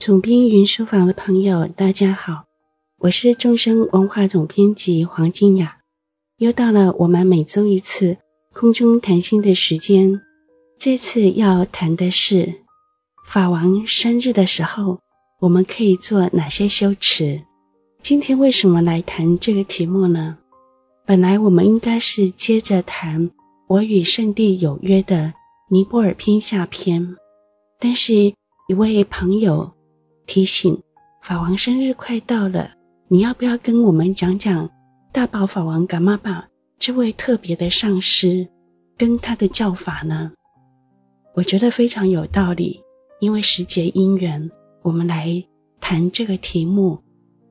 總編雲書房的朋友，大家好，我是眾生文化總編輯黃金雅。又到了我們每周一次空中談心的時間。這次要談的是法王生日的時候，我們可以做哪些修持？今天為什麼來談這個題目呢？本來我們應該是接着談《我與聖地有約》的尼泊爾篇下篇，但是一位朋友。提醒法王生日快到了，你要不要跟我們講講大寶法王噶瑪巴這位特別的上師跟他的教法呢？我覺得非常有道理，因為時節因緣，我們來談這個題目，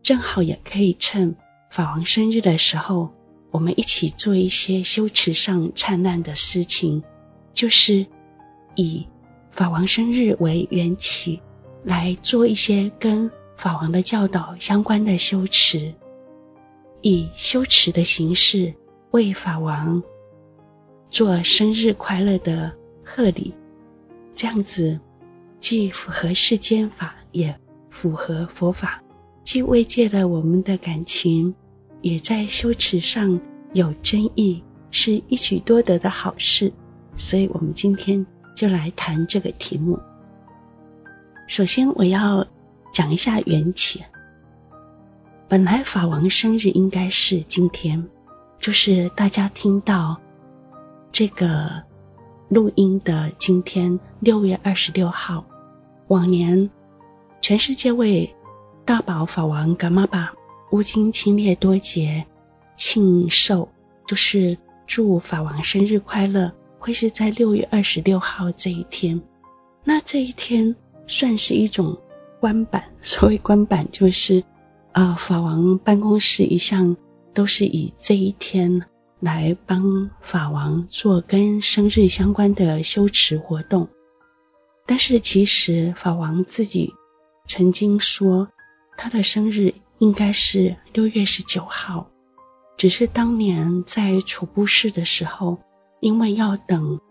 正好也可以趁法王生日的時候，我們一起做一些修持上燦爛的事情，就是以法王生日為緣起。來做一些跟法王的教導相關的修持，以修持的形式為法王做生日快樂的賀禮，這樣子既符合世間法，也符合佛法，既慰藉了我們的感情，也在修持上有真意，是一舉多得的好事。所以，我們今天就來談這個題目。首先，我要講一下緣起。本來法王生日應該是今天，就是大家聽到這個錄音的今天六月二十六號。往年全世界為大寶法王噶瑪巴烏金欽列多傑慶壽，就是祝法王生日快樂，會是在六月二十六號這一天。那這一天，算是一種官版，所謂官版就是，呃，法王辦公室一向都是以這一天來幫法王做跟生日相關的修持活動。但是其實法王自己曾經說，他的生日應該是六月十九號，只是當年在楚布寺的時候，因為要等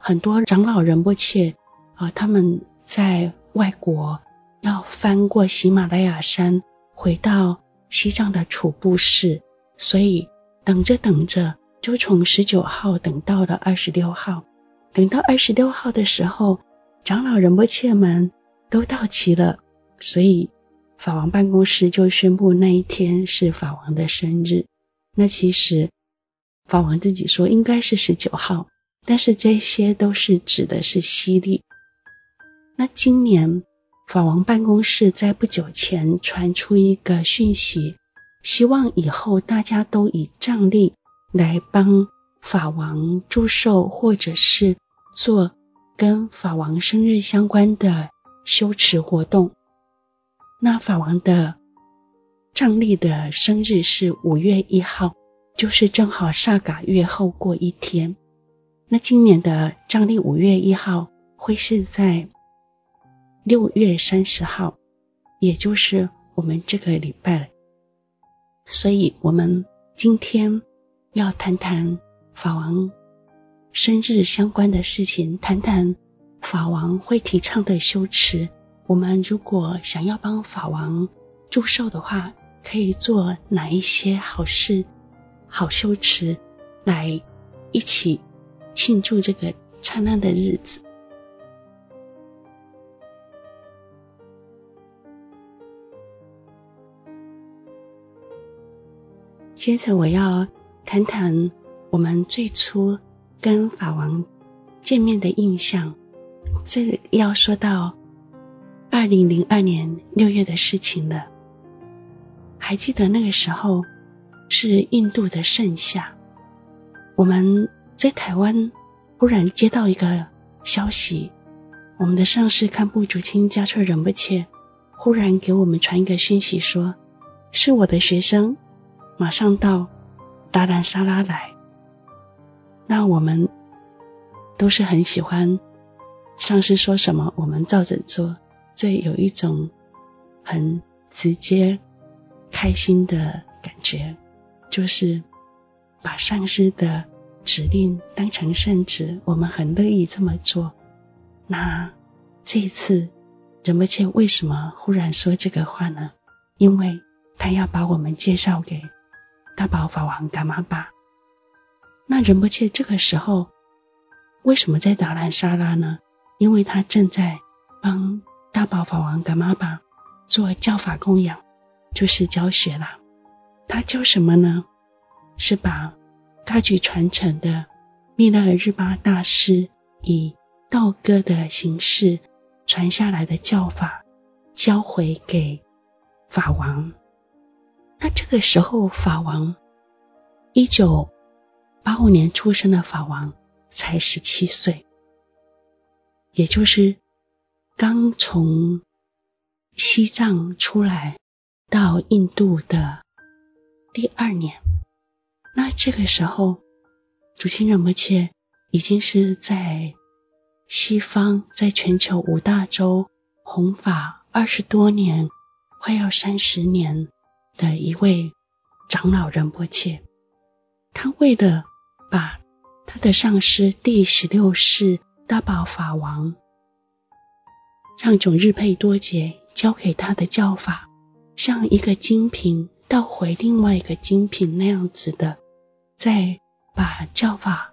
很多長老仁波切啊、呃，他們在。外國要翻過喜馬拉雅山回到西藏的楚布寺，所以等着等着就從十九號等到了二十六號。等到二十六號的時候，長老仁波切們都到齊了，所以法王辦公室就宣布那一天是法王的生日。那其實法王自己說應該是十九號，但是這些都是指的是西曆。那今年法王辦公室在不久前傳出一個訊息，希望以後大家都以藏曆來幫法王祝壽，或者是做跟法王生日相關的修持活動。那法王的藏曆的生日是五月一號，就是正好薩嘎月後過一天。那今年的藏曆五月一號會是在，六月三十號，也就是我們這個禮拜了，所以我們今天要談談法王生日相關的事情，談談法王會提倡的修持。我們如果想要幫法王祝壽的話，可以做哪一些好事、好修持來一起慶祝這個燦爛的日子。接着我要談談我們最初跟法王見面的印象。這要說到二零零二年六月的事情了。還記得那個時候是印度的盛夏，我們在台灣忽然接到一個消息，我們的上師堪布竹清嘉措仁波切，忽然給我們傳一個訊息說，是我的學生。馬上到達蘭薩拉來，那我們都是很喜歡，上師說什麼我們照着做，這有一種很直接、開心的感覺，就是把上師的指令當成聖旨，我們很樂意這麼做。那這一次仁波切為什麼忽然說這個話呢？因為他要把我們介紹給。大寶法王噶瑪巴，那仁波切這個時候為什麼在達蘭沙拉呢？因為他正在幫大寶法王噶瑪巴做教法供養，就是教學啦。他教什麼呢？是把噶舉傳承的密勒日巴大師以道歌的形式傳下來的教法教回給法王。那這個時候，法王一九八五年出生的法王才十七歲，也就是剛從西藏出來到印度的第二年。那這個時候，竹清仁波切已經是在西方，在全球五大洲弘法二十多年，快要三十年。的一位長老仁波切，他為了把他的上師第十六世大寶法王讓炯日佩多杰教給他的教法，像一個金瓶倒回另外一個金瓶那樣子的，再把教法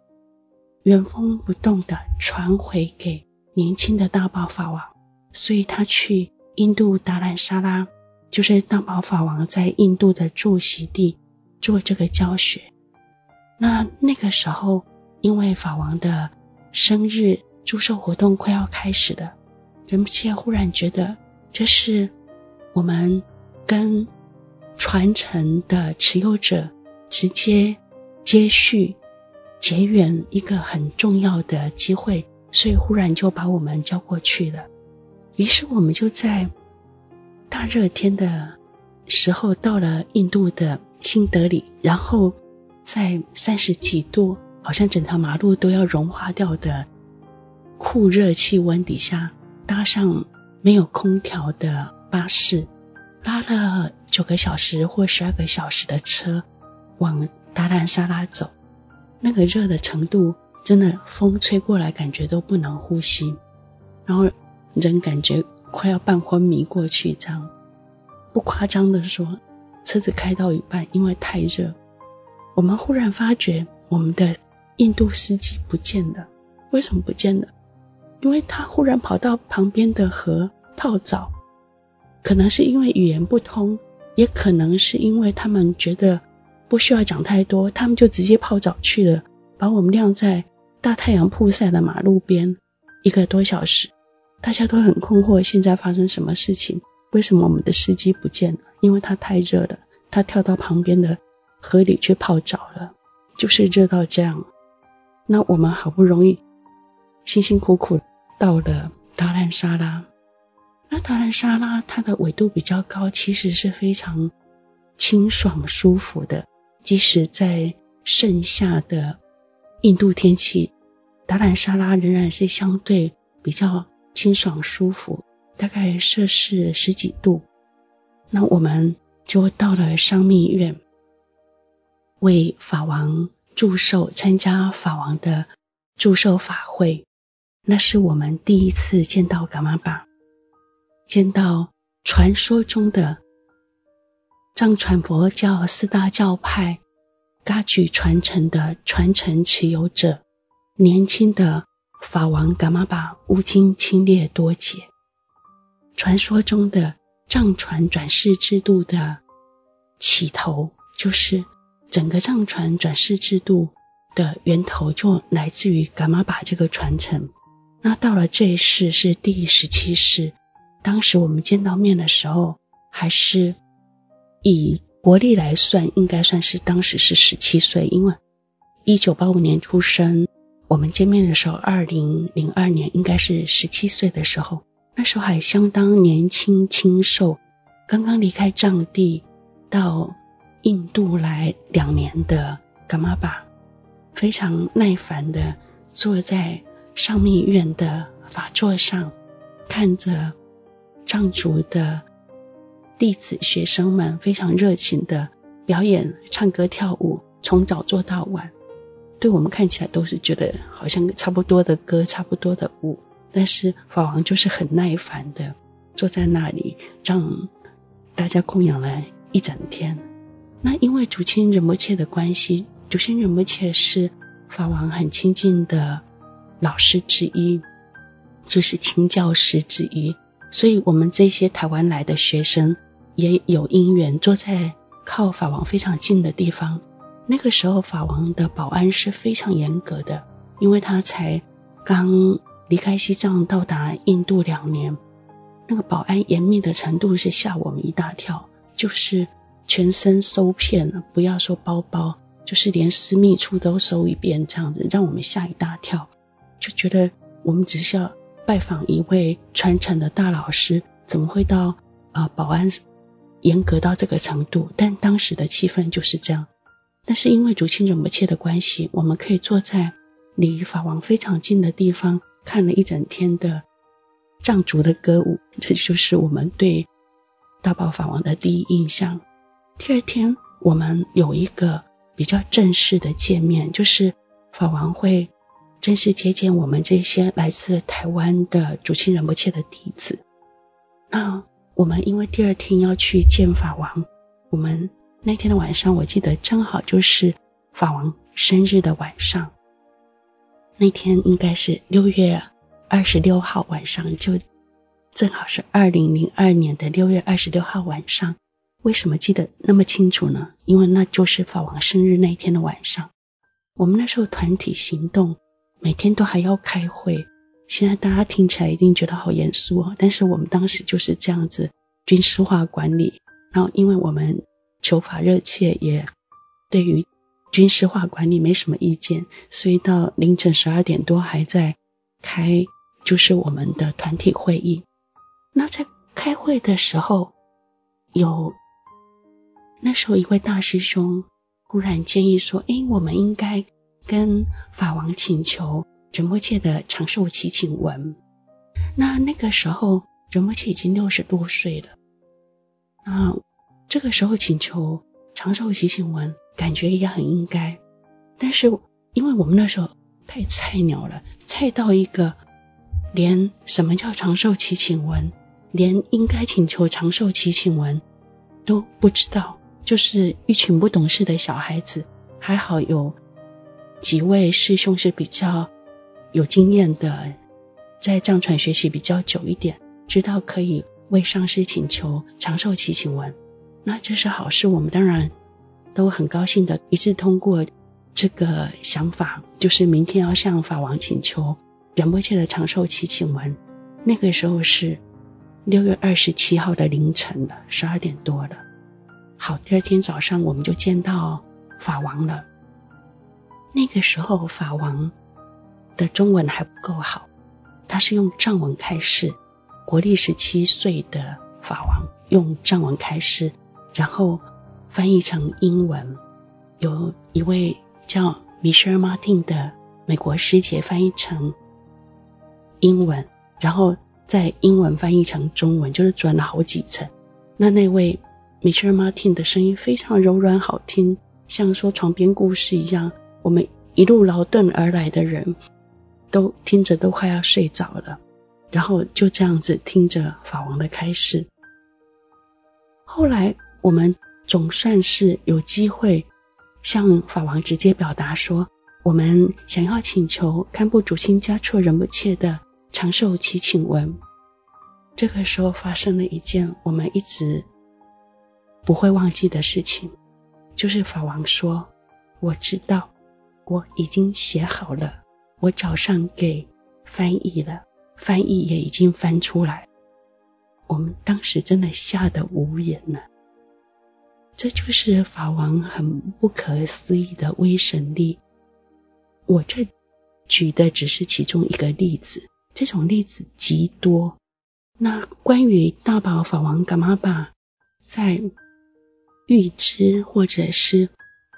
原封不動的傳回給年輕的大寶法王，所以他去印度達蘭薩拉。就是大寶法王在印度的駐錫地做這個教學，那那個時候因為法王的生日祝壽活動快要開始了，人們卻忽然覺得這是我們跟傳承的持有者直接接續結緣一個很重要的機會，所以忽然就把我們叫過去了。於是我們就在。大熱天的時候，到了印度的新德里，然後在三十幾度，好像整條馬路都要融化掉的酷熱氣溫底下，搭上沒有空調的巴士，拉了九個小時或十二個小時的車往達蘭薩拉走，那個熱的程度，真的風吹過來感覺都不能呼吸，然後人感覺。快要半昏迷過去。這樣不誇張的說，車子開到一半，因為太熱，我們忽然發覺我們的印度司機不見了。為什麼不見了？因為他忽然跑到旁邊的河泡澡，可能是因為語言不通，也可能是因為他們覺得不需要講太多，他們就直接泡澡去了，把我們晾在大太陽曝曬的馬路邊一個多小時。大家都很困惑，現在發生什麼事情？為什麼我們的司機不見了？因為他太熱了，他跳到旁邊的河裡去泡澡了，就是熱到這樣。那我們好不容易，辛辛苦苦到了達蘭薩拉。那達蘭薩拉它的緯度比較高，其實是非常清爽舒服的，即使在盛夏的印度天氣，達蘭薩拉仍然是相對比較清爽舒服，大概攝氏十幾度，那我們就到了上密院，為法王祝壽，參加法王的祝壽法會。那是我們第一次見到噶瑪巴，見到傳說中的藏傳佛教四大教派噶舉傳承的傳承持有者，年輕的。法王噶瑪巴烏金欽列多傑，傳說中的藏傳轉世制度的起頭，就是整個藏傳轉世制度的源頭就來自於噶瑪巴這個傳承。那到了這一世是第十七世，當時我們見到面的時候，還是以國曆來算，應該算是當時是十七歲，因為一九八五年出生。我們見面的時候，二零零二年應該是十七歲的時候，那時候還相當年輕清瘦，剛剛離開藏地到印度來兩年的噶瑪巴，非常耐煩的坐在上密院的法座上，看着藏族的弟子學生們非常熱情的表演、唱歌、跳舞，從早坐到晚。對我們看起來都是覺得好像差不多的歌，差不多的舞，但是法王就是很耐煩的坐在那裡，讓大家供養了一整天。那因為竹清仁波切的關係，竹清仁波切是法王很親近的老師之一，就是親教師之一，所以我們這些台灣來的學生也有因緣坐在靠法王非常近的地方。那個時候，法王的保安是非常嚴格的，因為他才剛離開西藏到達印度兩年，那個保安嚴密的程度是嚇我們一大跳，就是全身搜遍了，不要說包包，就是連私密處都搜一遍，這樣子讓我們嚇一大跳，就覺得我們只是要拜訪一位傳承的大老師，怎麼會到啊，呃，保安嚴格到這個程度？但當時的氣氛就是這樣。但是因為竹清仁波切的關係，我們可以坐在離法王非常近的地方，看了一整天的藏族的歌舞。這就是我們對大寶法王的第一印象。第二天，我們有一個比較正式的見面，就是法王會正式接見我們這些來自台灣的竹清仁波切的弟子。那我們因為第二天要去見法王，我們。那天的晚上，我記得正好就是法王生日的晚上。那天應該是六月二十六號晚上，就正好是二零零二年的六月二十六號晚上。為什麼記得那麼清楚呢？因為那就是法王生日那一天的晚上。我們那時候團體行動，每天都還要開會。現在大家聽起來一定覺得好嚴肅哦，但是我們當時就是這樣子軍事化管理。然後因為我們。求法熱切，也對於軍事化管理沒什麼意見，所以到凌晨十二點多還在開，就是我們的團體會議。那在開會的時候，有那時候一位大師兄忽然建議說：“誒，我們應該跟法王請求仁波切的長壽祈請文。”那那個時候仁波切已經六十多歲了，那。這個時候請求長壽祈請文，感覺也很應該。但是，因為我們那時候太菜鳥了，菜到一個連什麼叫長壽祈請文，連應該請求長壽祈請文都不知道，就是一群不懂事的小孩子。還好有幾位師兄是比較有經驗的，在藏傳學習比較久一點，知道可以為上師請求長壽祈請文。那這是好事，我們當然都很高興的，一致通過這個想法，就是明天要向法王請求仁波切的長壽祈請文。那個時候是六月二十七號的凌晨了，十二點多了。好，第二天早上我們就見到法王了。那個時候法王的中文還不夠好，他是用藏文開示。國曆十七歲的法王用藏文開示。然後翻譯成英文，由一位叫 Michele Martin 的美國師姐翻譯成英文，然後在英文翻譯成中文，就是轉了好幾層。那那位 Michele Martin 的聲音非常柔軟好聽，像說床邊故事一樣。我們一路勞頓而來的人，都聽着都快要睡着了，然後就這樣子聽着法王的開示。後來。我們總算是有機會向法王直接表達說，我們想要請求堪布竹清嘉措仁波切的長壽祈請文。這個時候發生了一件我們一直不會忘記的事情，就是法王說：“我知道，我已經寫好了，我早上給翻譯了，翻譯也已經翻出來。”我們當時真的嚇得無言了。這就是法王很不可思議的威神力。我這舉的只是其中一個例子，這種例子極多。那關於大寶法王噶瑪巴在預知或者是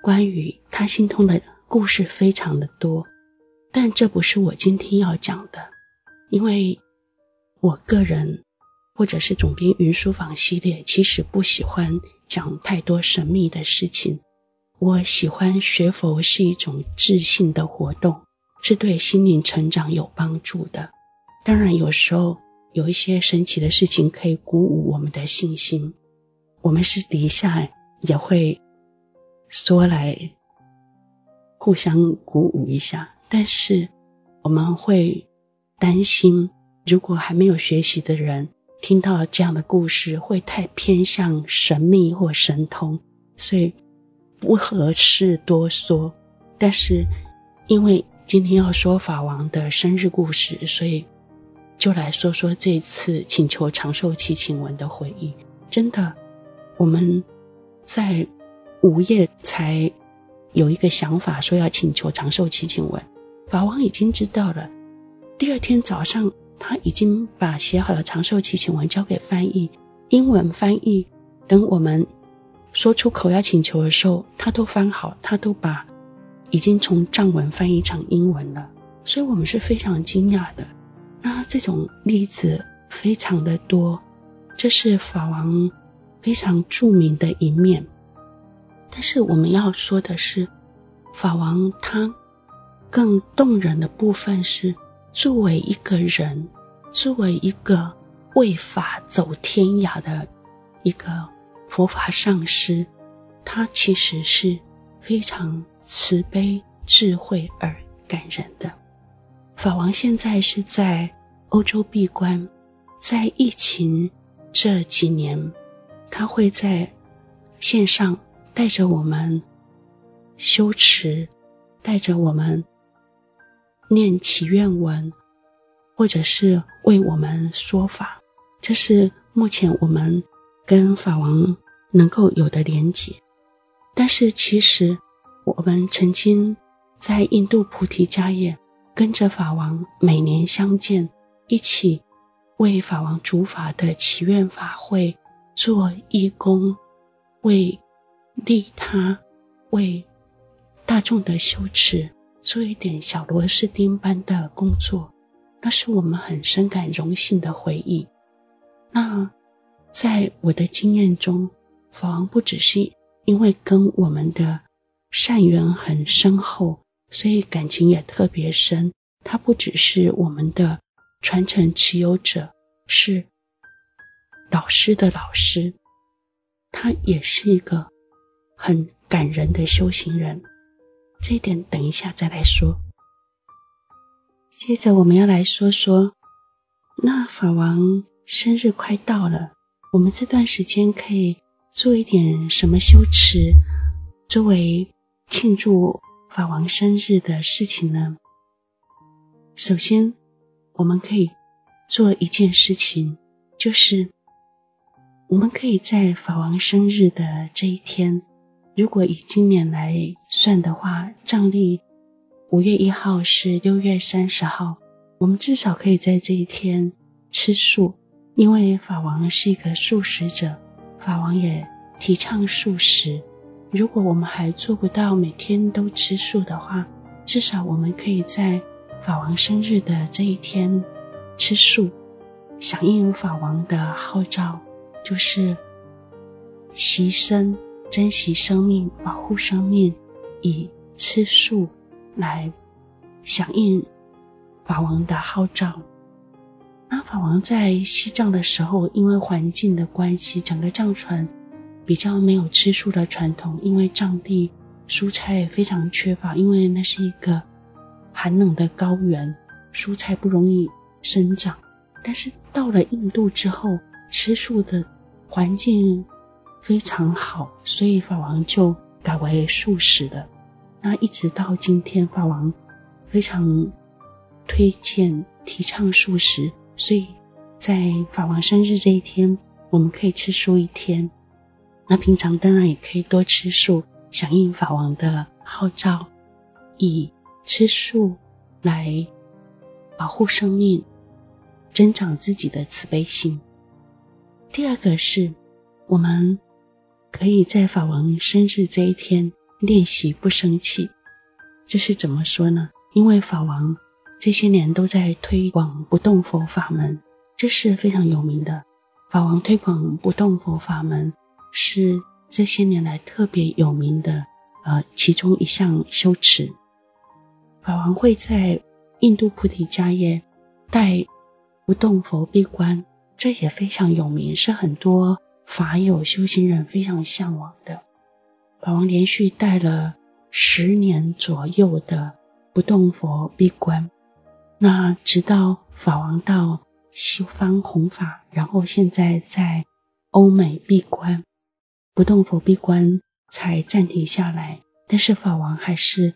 關於他心通的故事非常的多，但這不是我今天要講的，因為我個人。或者是總編雲書房系列，其實不喜歡講太多神秘的事情。我喜歡學佛是一種自信的活動，是對心靈成長有幫助的。當然，有時候有一些神奇的事情可以鼓舞我們的信心。我們私底下也會說來互相鼓舞一下，但是我們會擔心，如果還沒有學習的人。聽到這樣的故事會太偏向神秘或神通，所以不合適多說。但是因為今天要說法王的生日故事，所以就來說說這次請求長壽祈請文的回憶。真的，我們在午夜才有一個想法，說要請求長壽祈請文。法王已經知道了，第二天早上，他已經把寫好的長壽祈請文交給翻譯，英文翻譯，等我們說出口要請求的時候，他都翻好，他都把已經從藏文翻譯成英文了，所以我們是非常驚訝的。那這種例子非常的多，這是法王非常著名的一面。但是我們要說的是，法王他更動人的部分是。作為一個人，作為一個為法走天涯的一個佛法上師，他其實是非常慈悲、智慧而感人的。法王現在是在歐洲閉關，在疫情這幾年，他會在線上帶着我們修持，帶着我們。念祈願文，或者是為我們說法，這是目前我們跟法王能夠有的連結。但是其實我們曾經在印度菩提迦耶跟着法王每年相見，一起為法王主法的祈願法會做義工，為利他，為大眾的修持，做一點小螺絲釘般的工作，那是我們很深感榮幸的回憶。那在我的經驗中，法王不只是因為跟我們的善緣很深厚，所以感情也特別深。他不只是我們的傳承持有者，是老師的老師，他也是一個很感人的修行人。這一點等一下再來說。接着我們要來說說，那法王生日快到了，我們這段時間可以做一點什麼修持，作為慶祝法王生日的事情呢？首先，我們可以做一件事情，就是我們可以在法王生日的這一天。如果以今年來算的話，藏曆五月一號是六月三十號，我們至少可以在這一天吃素，因為法王是一個素食者，法王也提倡素食。如果我們還做不到每天都吃素的話，至少我們可以在法王生日的這一天吃素，響應法王的號召，就是惜生。珍惜生命，保護生命，以吃素來響應法王的號召。那法王在西藏的時候，因為環境的關係，整個藏傳比較沒有吃素的傳統，因為藏地蔬菜非常缺乏，因為那是一個寒冷的高原，蔬菜不容易生長。但是到了印度之後，吃素的環境，非常好，所以法王就改為素食了。那一直到今天，法王非常推薦提倡素食，所以在法王生日這一天，我們可以吃素一天。那平常當然也可以多吃素，響應法王的號召，以吃素來保護生命，增長自己的慈悲心。第二個是我們。可以在法王生日這一天練習不生氣，這是怎麼說呢？因為法王這些年都在推廣不動佛法門，這是非常有名的。法王推廣不動佛法門是這些年來特別有名的，呃，其中一項修持。法王會在印度菩提迦耶帶不動佛閉關，這也非常有名，是很多。法有修行人非常嚮往的，法王連續帶了十年左右的不動佛閉關，那直到法王到西方弘法，然後現在在歐美閉關，不動佛閉關才暫停下來。但是法王還是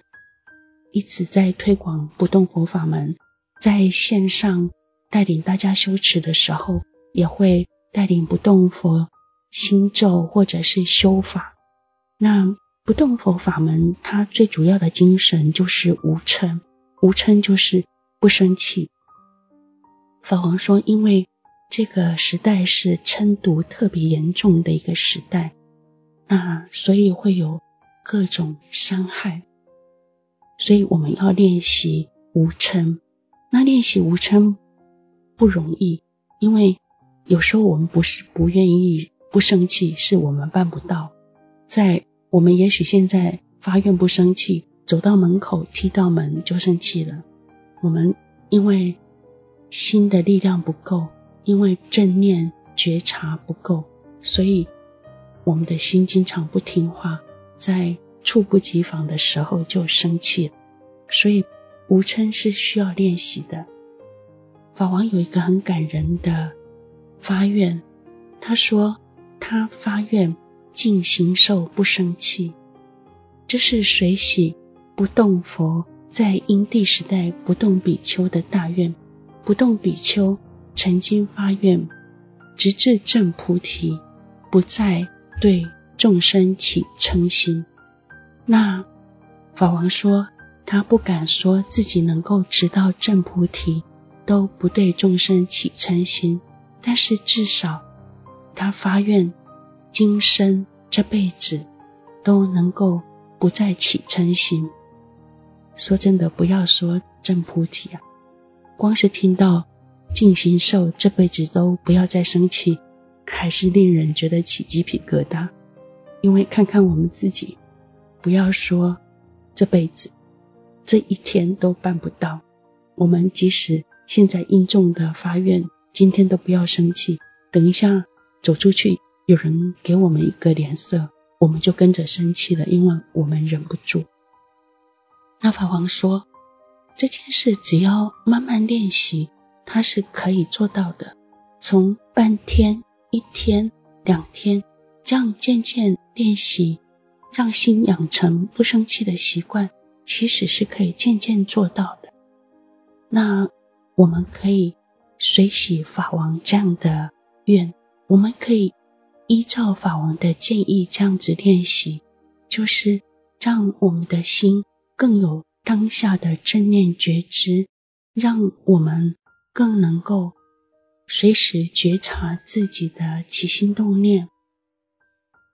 一直在推廣不動佛法門，在線上帶領大家修持的時候，也會帶領不動佛心咒或者是修法。那不動佛法門，它最主要的精神就是無嗔。無嗔就是不生氣。法王說，因為這個時代是嗔毒特別嚴重的一個時代，那所以會有各種傷害，所以我們要練習無嗔。那練習無嗔不容易，因為有時候我們不是不願意。不生氣是我們辦不到，在我們也許現在發願不生氣，走到門口踢到門就生氣了。我們因為心的力量不夠，因為正念覺察不夠，所以我們的心經常不聽話，在猝不及防的時候就生氣。所以無嗔是需要練習的。法王有一個很感人的發願，他說。他發願盡形壽不生氣，這是隨喜不動佛在因地時代不動比丘的大願，不動比丘曾經發願，直至證菩提，不再對眾生起嗔心。那法王說，他不敢說自己能夠直到證菩提都不對眾生起嗔心，但是至少。他發願，今生這輩子都能夠不再起嗔心。說真的，不要說證菩提啊，光是聽到盡形壽這輩子都不要再生氣，還是令人覺得起雞皮疙瘩。因為看看我們自己，不要說這輩子，這一天都辦不到。我們即使現在應重的發願，今天都不要生氣，等一下。走出去，有人給我們一個臉色，我們就跟着生氣了，因為我們忍不住。那法王說，這件事只要慢慢練習，他是可以做到的。從半天、一天、兩天，這樣漸漸練習，讓心養成不生氣的習慣，其實是可以漸漸做到的。那我們可以隨喜法王這樣的願。我們可以依照法王的建議這樣子練習，就是讓我們的心更有當下的正念覺知，讓我們更能夠隨時覺察自己的起心動念，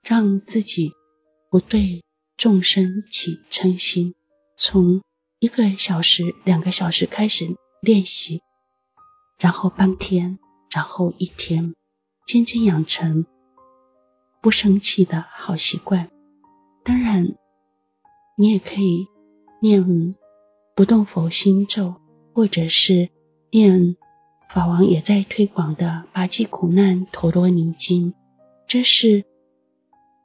讓自己不對眾生起嗔心。從一個小時、兩個小時開始練習，然後半天，然後一天。漸漸養成不生氣的好習慣。當然，你也可以念不動佛心咒，或者是念法王也在推廣的《拔濟苦難陀羅尼經》，這是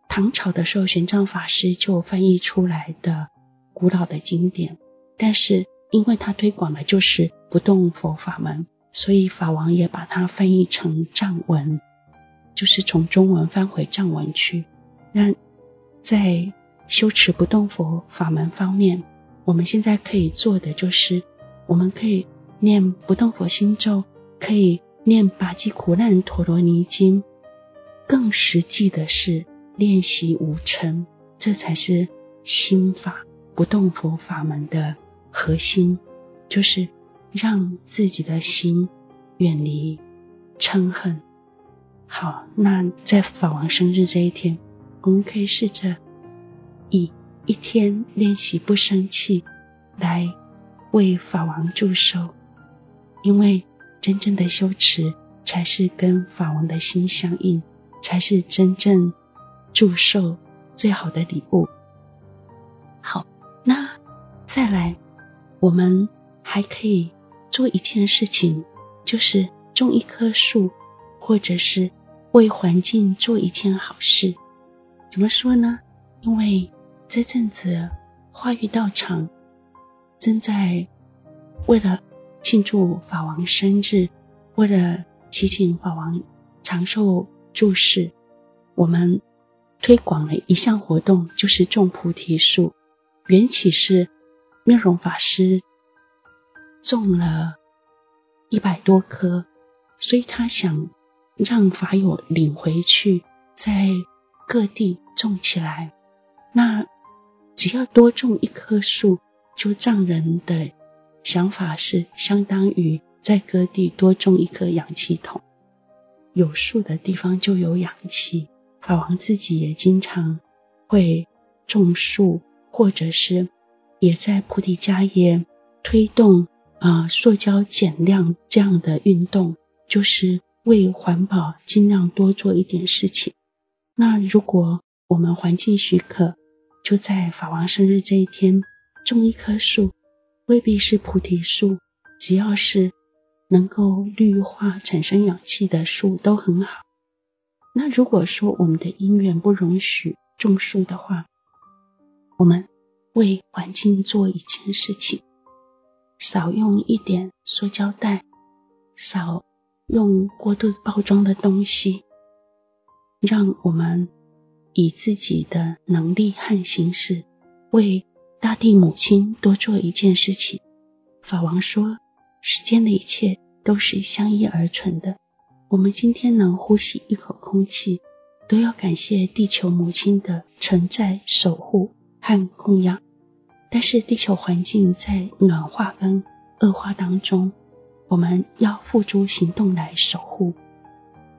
唐朝的時候玄奘法師就翻譯出來的古老的經典。但是，因為他推廣的就是不動佛法門，所以法王也把它翻譯成藏文。就是從中文翻回藏文去。那在修持不動佛法門方面，我們現在可以做的就是，我們可以念不動佛心咒，可以念拔濟苦難陀羅尼經。更實際的是練習無嗔，這才是心法不動佛法門的核心，就是讓自己的心遠離嗔恨。好，那在法王生日這一天，我們可以試着以一天練習不生氣，來為法王祝壽，因為真正的修持才是跟法王的心相應，才是真正祝壽最好的禮物。好，那再來，我們還可以做一件事情，就是種一棵樹，或者是。為環境做一件好事，怎麼說呢？因為這陣子化育道場，正在為了慶祝法王生日，為了祈請法王長壽住世，我們推廣了一項活動，就是種菩提樹。緣起是妙容法師種了一百多棵，所以他想，讓法友領回去，在各地種起來。那只要多種一棵樹，就藏人的想法是相當於在各地多種一棵氧氣桶。有樹的地方就有氧氣。法王自己也經常會種樹，或者是也在菩提迦耶推動啊、呃，塑膠減量這樣的運動，就是。為環保，盡量多做一點事情。那如果我們環境許可，就在法王生日這一天種一棵樹，未必是菩提樹，只要是能夠綠化、產生氧氣的樹都很好。那如果說我們的因緣不允許種樹的話，我們為環境做一件事情，少用一點塑膠袋，少。用過度包裝的東西，讓我們以自己的能力和形式為大地母親多做一件事情。法王說，世間的一切都是相依而存的。我們今天能呼吸一口空氣，都要感謝地球母親的存在、守護和供養。但是，地球環境在暖化跟惡化當中。我們要付諸行動來守護，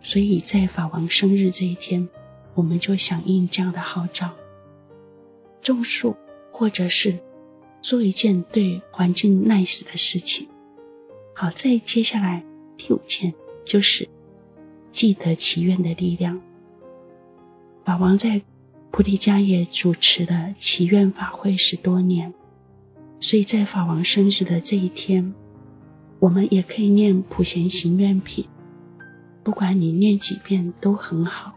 所以在法王生日這一天，我們就響應這樣的號召，種樹或者是做一件對環境 nice 死的事情。好，在接下來第五件就是記得祈願的力量。法王在菩提迦耶主持的祈願法會十多年，所以在法王生日的這一天，我們也可以念《普賢行願品》，不管你念幾遍都很好。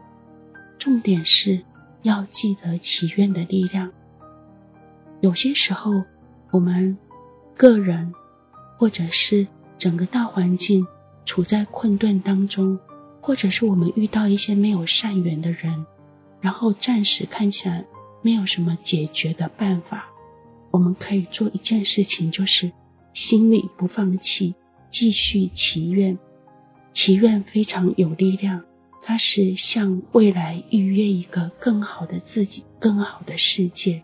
重點是要記得祈願的力量。有些時候，我們個人或者是整個大環境處在困頓當中，或者是我們遇到一些沒有善緣的人，然後暫時看起來沒有什麼解決的辦法，我們可以做一件事情，就是。心裡不放棄，繼續祈願，祈願非常有力量。它是向未來預約一個更好的自己，更好的世界。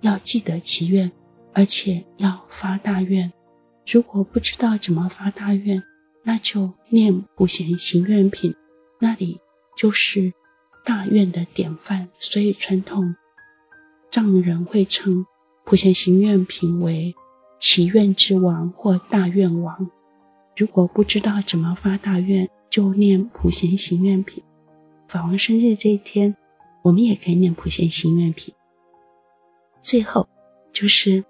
要記得祈願，而且要發大願。如果不知道怎麼發大願，那就念《普賢行願品》，那裡就是大願的典範。所以傳統藏人會稱《普賢行願品》為。祈願之王或大願王，如果不知道怎麼發大願，就念普賢行願品。法王生日這一天，我們也可以念普賢行願品。最後就是，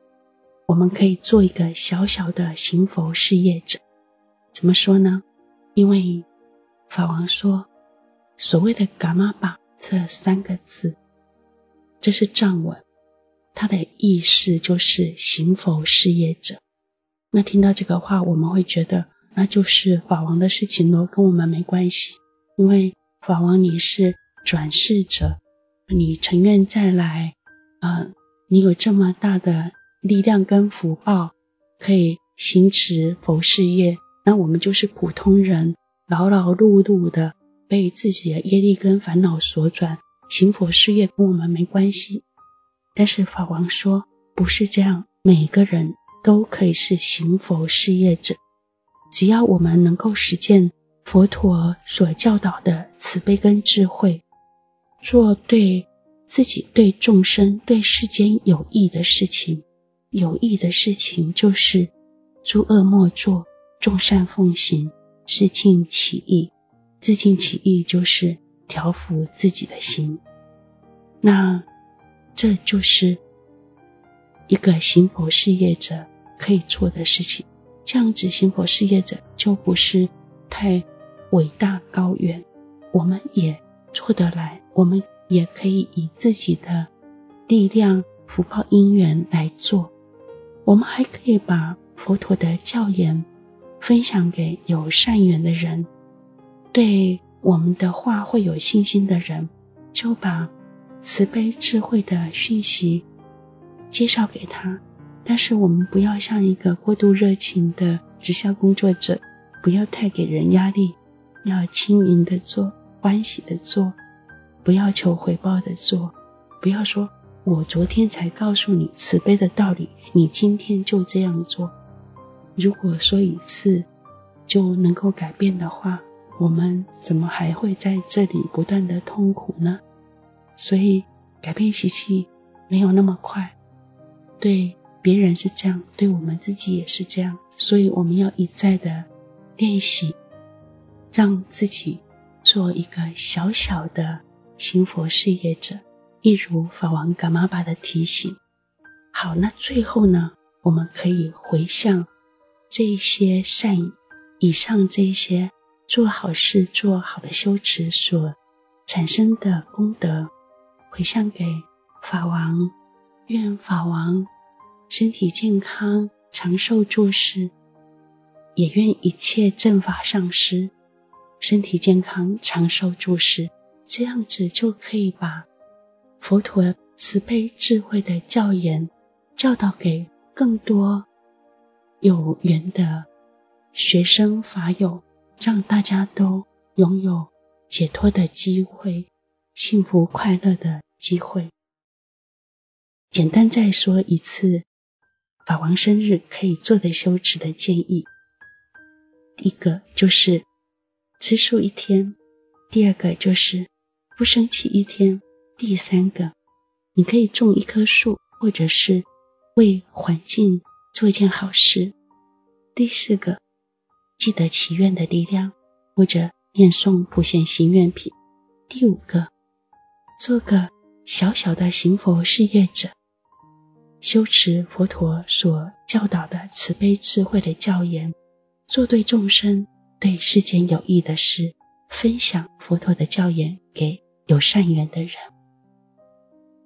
我們可以做一個小小的行佛事業者。怎麼說呢？因為法王說，所謂的“噶瑪巴”這三個字，這是藏文。他的意思就是行佛事業者。那聽到這個話，我們會覺得那就是法王的事情咯，跟我們沒關係。因為法王你是轉世者，你乘願再來，啊、呃，你有這麼大的力量跟福報，可以行持佛事業。那我們就是普通人，勞勞碌碌的被自己的業力跟煩惱所轉，行佛事業跟我們沒關係。但是法王說不是這樣，每個人都可以是行佛事業者，只要我們能夠實踐佛陀所教導的慈悲跟智慧，做對自己、對眾生、對世間有益的事情。有益的事情就是諸惡莫作，眾善奉行，自淨其意。自淨其意就是調伏自己的心。那。這就是一個行佛事業者可以做的事情。這樣子，行佛事業者就不是太偉大高遠，我們也做得來。我們也可以以自己的力量、福報、因緣來做。我們還可以把佛陀的教言分享給有善緣的人，對我們的話會有信心的人，就把。慈悲智慧的訊息介紹給他，但是我們不要像一個過度熱情的直銷工作者，不要太給人壓力，要輕盈的做，歡喜的做，不要求回報的做，不要說“我昨天才告訴你慈悲的道理，你今天就這樣做”。如果說一次就能夠改變的話，我們怎麼還會在這裡不斷的痛苦呢？所以改變習氣沒有那麼快，對別人是這樣，對我們自己也是這樣。所以我們要一再的練習，讓自己做一個小小的行佛事業者。一如法王噶瑪巴的提醒。好，那最後呢，我們可以回向這一些善，以上這一些做好事做好的修持所產生的功德。迴向給法王，願法王身體健康長壽住世，也願一切正法上師身體健康長壽住世。這樣子就可以把佛陀慈悲智慧的教言教導給更多有緣的學生法友，讓大家都擁有解脫的機會幸福快樂的機會。簡單再說一次，法王生日可以做的修持的建議：第一個就是吃素一天；第二個就是不生氣一天；第三個，你可以種一棵樹，或者是為環境做一件好事；第四個，記得祈願的力量，或者念誦普賢行願品；第五個。做個小小的行佛事業者，修持佛陀所教導的慈悲智慧的教言，做對眾生、對世間有益的事，分享佛陀的教言給有善緣的人，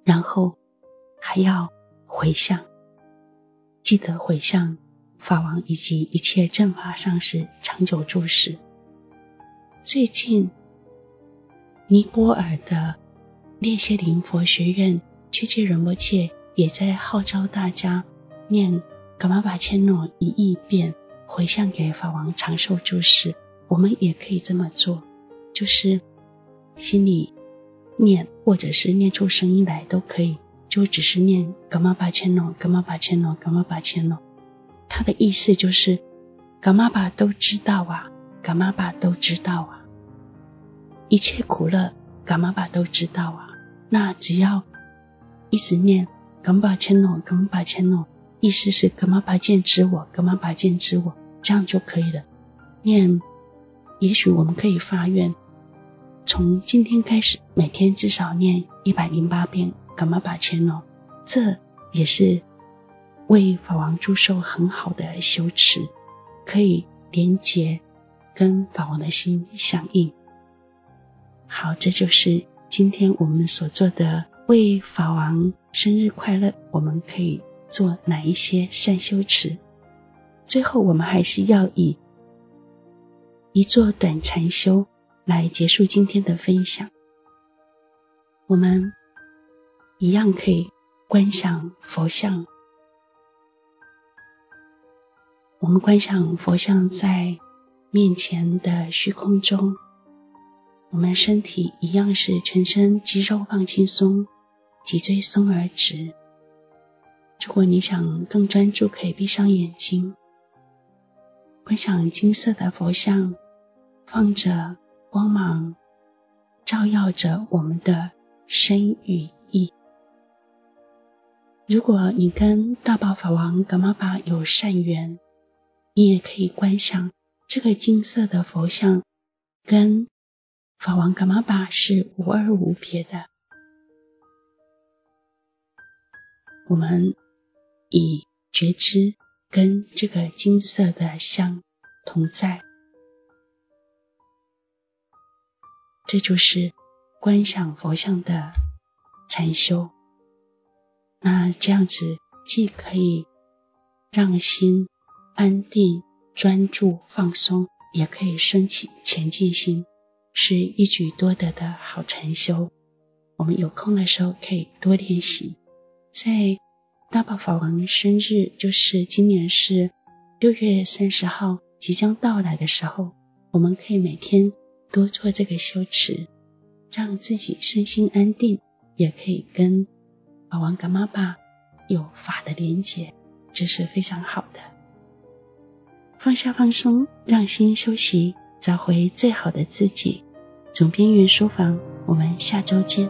然後還要回向，記得回向法王以及一切正法上師長久住世。最近尼泊爾的。列謝靈佛學院曲切仁波切，也在號召大家念噶瑪巴千諾一億遍迴向給法王長壽住世。我們也可以這麼做，就是心裡念或者是念出聲音來都可以，就只是念噶瑪巴千諾，噶瑪巴千諾，噶瑪巴千諾。他的意思就是，噶瑪巴都知道啊，噶瑪巴都知道啊，一切苦樂，噶瑪巴都知道啊。那只要一直念“噶瑪巴千諾，噶瑪巴千諾”，意思是“噶瑪巴鑑知我，噶瑪巴鑑知我”，這樣就可以了。念，也許我們可以發願，從今天開始，每天至少念一百零八遍“噶瑪巴千諾”，這也是為法王祝壽很好的修持，可以連接跟法王的心相應。好，這就是。今天我們所做的為法王生日快樂，我們可以做哪一些善修持？最後，我們還是要以一座短禪修來結束今天的分享。我們一樣可以觀想佛像，我們觀想佛像在面前的虛空中。我們身體一樣是全身肌肉放輕鬆，脊椎鬆而直。如果你想更專注，可以閉上眼睛，觀想金色的佛像放着光芒，照耀着我們的身語意。如果你跟大寶法王噶瑪巴有善緣，你也可以觀想這個金色的佛像跟。法王噶瑪巴是無二無別的，我們以覺知跟這個金色的像同在，這就是觀想佛像的禪修。那這樣子既可以讓心安定、專注、放鬆，也可以升起虔敬心。是一舉多得的好禪修。我們有空的時候可以多練習。在大寶法王生日，就是今年是六月三十號即將到來的時候，我們可以每天多做這個修持，讓自己身心安定，也可以跟法王噶瑪巴有法的連結，這、就是非常好的。放下放鬆，讓心休息，找回最好的自己。總編雲書房，我們下周見。